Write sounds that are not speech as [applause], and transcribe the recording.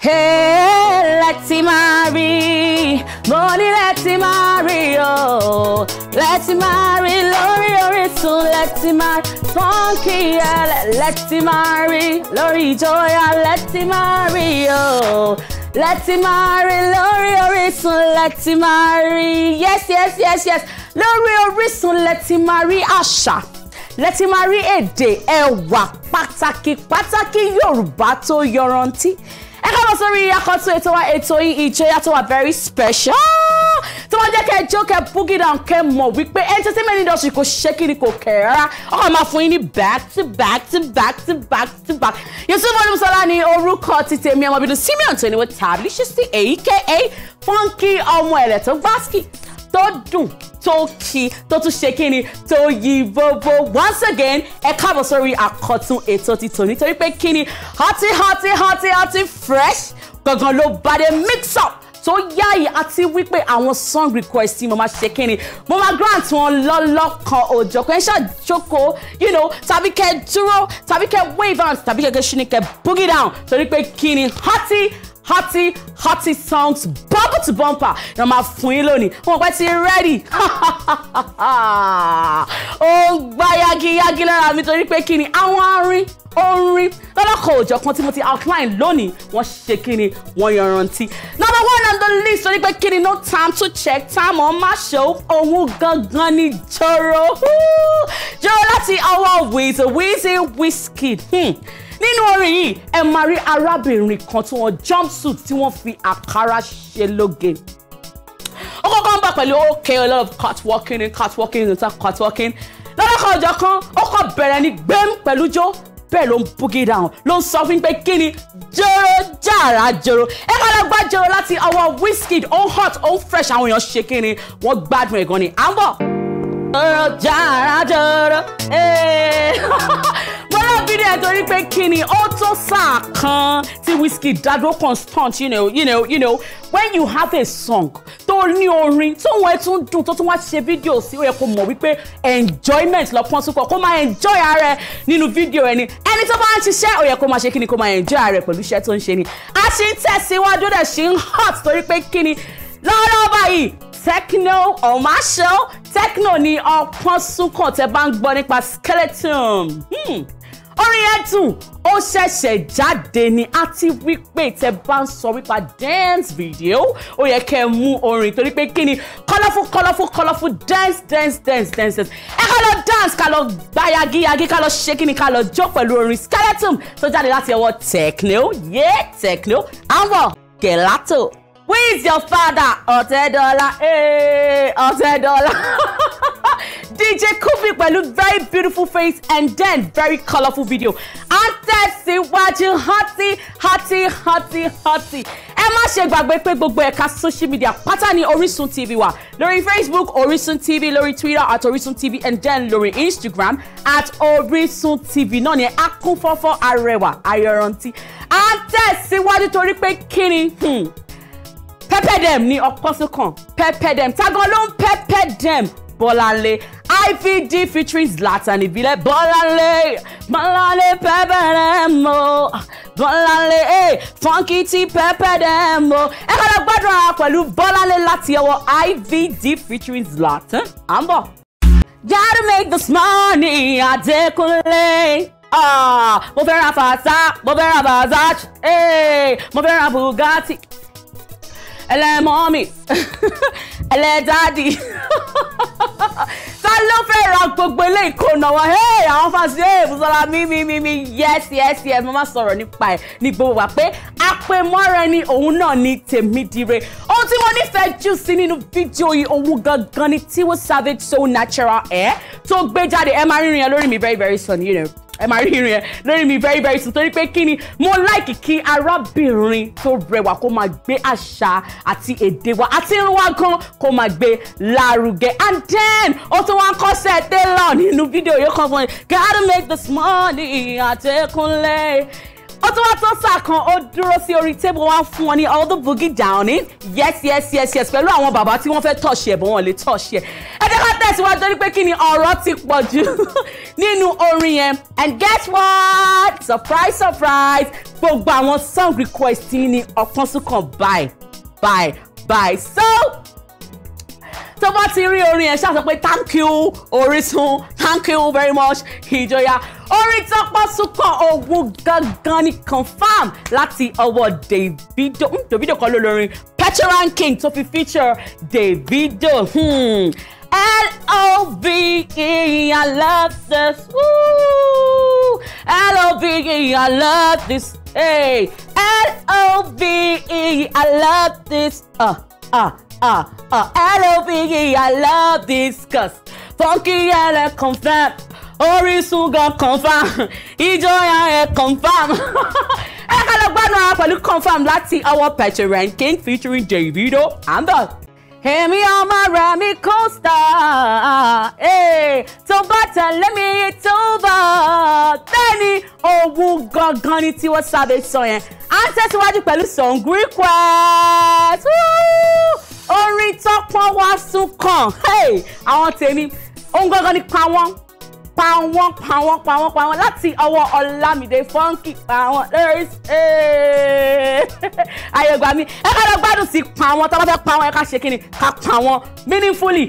Hey, láti máa rí, mo ní láti máa Oh, o, láti máa rí lórí Orísun, láti máa rí funky alẹ́, láti máa rí joy, Ìjọyà, láti máa rí o, láti máa rí lórí Orísun, láti máa rí yes yes yes yes lórí Orísun, láti Asha, rí àṣà láti A day, èdè ẹwà pàtàkì pàtàkì Yorùbá tó yọrantí ẹ káàbọ̀ sórí akọ́tún ètò wa ètò yìí ìjọyà tó wà very special tí wọ́n jẹ́ kẹ́ jó kẹ́ boogie down kẹ́ mọ̀ wípé entertainment industry kò ṣe kí ni kò kẹ́ rárá ọkọ̀ máa fún yín ní back to back to back to back to back Yusuf Olúmọsọ́lá ni orúkọ ti tèmi ọmọbìnrin Simeon tó ní wọ́n tàbí ṣíṣí èyíkéyìí fọ́nkì ọmọ ẹ̀rẹ̀ tó gbásíkì tó dùn tó ki, tó tún ṣe ni, tó yí bóbó once again ẹ káàbọ̀ sórí àkọ́tún ètò ti tòní torí pé kíni hoti hoti hoti hoti fresh gangan ló bá dé mix up tó yáyì àti wípé àwọn song request tí mo máa ṣe kíni mo máa grant wọn lọ́lọ́kan òjò pé ẹ ṣáà you know tàbí kẹ́ dúró tàbí kẹ́ wave out tàbí kẹ́ kẹ́ ṣí ni boogie down torí pé kíni hoti hearty hearty songs bumper to bumper ni wọ́n máa fún yín lónìí wọ́n pẹ́ ti rẹ́dì ó ń gbá yagiyagi lára mi torí pé kí ni àwọn arin orin lọ́lọ́kọ̀ òjọ̀ kan tí mo ti outline lónìí wọ́n ṣe kí ni wọ́n yanrantí. number one on the list torí pé kí no time to check time on my show. òun gangan ni joro joro láti ọwọ́ wìzì wìzì wizkid. Hmm nínú orin yìí ẹ máa rí arábìnrin kan tí wọ́n jumpsuit tí wọ́n fi àkàrà ṣe lóge ó kọ́kọ́ ń bá pẹ̀lú okay a lot of catwalking and catwalking and catwalking lọ́lọ́kan ọjọ́ kan ó kọ́ bẹ̀rẹ̀ ní gbẹ́m pẹ̀lú jó bẹ́ẹ̀ ló ń boogie down ló ń sọ fún pé kí ni jòrò jàrá jòrò ẹ kọ́ lọ gbá jòrò láti ọwọ́ Wizkid ó hot ó fresh àwọn èèyàn ṣe kí ni wọ́n gbádùn ẹ̀gan ni à ń bọ̀. jòrò jàrá jòrò eh. [laughs] torí pé kí ni ó tó sáà kan tí Wizkid dádó constant you know you know you know when you have a song tó ní orin tóun ẹ tún dùn tó tún wá ṣe fídíò sí ó yẹ kó mọ̀ wípé enjoyment lọ́pọ́n sókò kó máa enjoy ara ẹ nínú fídíò ẹni ẹni tó bá ń ṣiṣẹ́ ó yẹ kó máa ṣe kí kó máa enjoy ara ẹ pẹ̀lú iṣẹ́ tó ń ṣe ni a ṣì ń tẹ̀síwájú dẹ̀ ṣì ń hot torí pé kí ni lọ́wọ́lọ́wọ́ báyìí Tekno Omasho Tekno ni ọpọ́n sún kàn tẹ́ bá ń gbọ́ nípa skeleton. Hmm orin ẹ̀dùn ó ṣẹ̀ṣẹ̀ jáde ni àti wípé tẹ bá ń sọ wípa dance video ó yẹ kẹ́ ẹ mú orin torí pé kí ni colourful colourful colourful dance dance dance dance dance ẹ ká lọ dance ká lọ gba yagiyagi ká lọ ṣe kí ni ká lọ jó pẹ̀lú orin skeleton tó jáde láti ọwọ́ Tekno yé Tekno àwọn gelato who is your father ọ̀tẹ̀dọ́lá ọ̀tẹ̀dọ́lá. [laughs] DJ Kofi pẹ̀lú very beautiful face and then very colourful video. À ń tẹ̀síwájú hotty hotty hotty hotty ẹ má ṣe gbàgbé pé gbogbo ẹ̀ka social media pátá ni Orísun TV wà lórí Facebook Orísun TV lórí Twitter at Orísun TV and then lórí Instagram at Orísun TV náà ni a kún fọ́fọ́ arẹwà ayọ̀rántí à ń tẹ̀síwájú torí pé kíni hmm. Pepe dem ni ọkọ sí kan pepper dem tágan ló ń pepper dem Bọ́láńlé I.V.D. featuring zlatan ìbílẹ̀ bọ́láńlé bọ́láńlé pẹ́pẹ́ rẹ̀ mọ́ bọ́láńlé ẹ̀ eh, fọ́nkì tí pẹ́pẹ́ rẹ̀ mọ́ ẹ kọ́ lọ gbádùn ara pẹ̀lú bọ́láńlé láti ọwọ́ I.V.D. featuring zlatan à ń bọ̀. gotta make this money Adekunle. Ah, mo fẹ́ ra fàtà, mo fẹ́ ra Versace, eh, mo fẹ́ ra Bugatti. Ẹlẹ́ mọ́mì, [laughs] ẹlẹ́ dáàdì. [laughs] ló fẹ́ ra gbogbo ilé ìkóná wọn àwọn fásitì ẹ̀ Bùsọ́lá mi mi mi mi yes yes yes mo máa sọ̀rọ̀ nípa ẹ̀ ní gbogbo wa pé apẹ̀mọ́ra ni òun náà ni Tèmídire ohun tí mo nífẹ̀ẹ́ jù sí nínú fídíò yìí òun gangan ni Tiwa Savage so natural ẹ̀ tó gbé jáde ẹ̀ máa rírin ẹ lórí mi very very soon you know ẹ máa rí irin ẹ lórí mi very very soon torí pé kí ni mo láìkì kí arábìnrin tó rẹwà kó máa gbé àṣà àti èdè wa àti irun wa gan kó máa gbé lárugẹ and then ó tún wá ń kọ́sẹ̀ taylor nínú fídíò yóò kàn fún mi gotta make this money àtẹkùnlé ó tún wá tán sáà kan ó dúró sí orí tébù wá fún wọn ní all the boogie down in yes yes yes yes pẹ̀lú àwọn bàbá tí wọ́n fẹ́ tọ̀ṣì ẹ̀ bọ́ wọn lè tọ̀ṣì ẹ̀ ẹ jẹ́ ká tẹ̀síwájú ní pé kí ni ọ̀rọ̀ ti pọ̀ jù [laughs] nínú orin yẹn and guess what surprise surprise gbogbo àwọn song request ni ọ̀pọ̀nsúnkàn bye bye bye so tó bá ti rí orin yẹn ṣáà pé thank you Orísun thank you very much Ìjọyà orin tó pọ̀ súnkàn ogun gangan ni confam láti ọwọ́ Davido hmm, Davido kan ló lórin Petulant King tó fi feature Davido. Hmm. L-O-V-E, I love this. Woo! L-O-V-E, I love this. Hey! L-O-V-E, I love this. Uh, uh, Ah, uh, ah, uh, L-O-V-E, I love discuss. Funky yẹn confirm. Orísun gan confirm. Ìjọ yẹn confirm. [laughs] Ẹ ká lọ gbádùn ara pẹ̀lú confirm láti ọwọ́ Petrel King featuring Davido and the. Èmi ọmọ rẹ̀ mi kọ́sítà tó bá tẹ̀lé mi tó bá bẹ́ẹ̀ni òwú gangan ni Tiwa Savage sọ yẹn. À ń tẹ̀síwájú pẹ̀lú song request. Woo! orin tọ́pọ́n wá sún kàn àwọn tèmi ohun gangan ni pa wọ́n pa wọ́n pa wọ́n pa wọ́n pa wọ́n láti ọwọ́ Ọlámídé Funky pa wọ́n [laughs] ayé gbà mí ẹ ká lọ gbádùn sí pa wọ́n tó bá fẹ́ pa wọ́n ẹ ká ṣe kí ni ká pa wọ́n meaningfully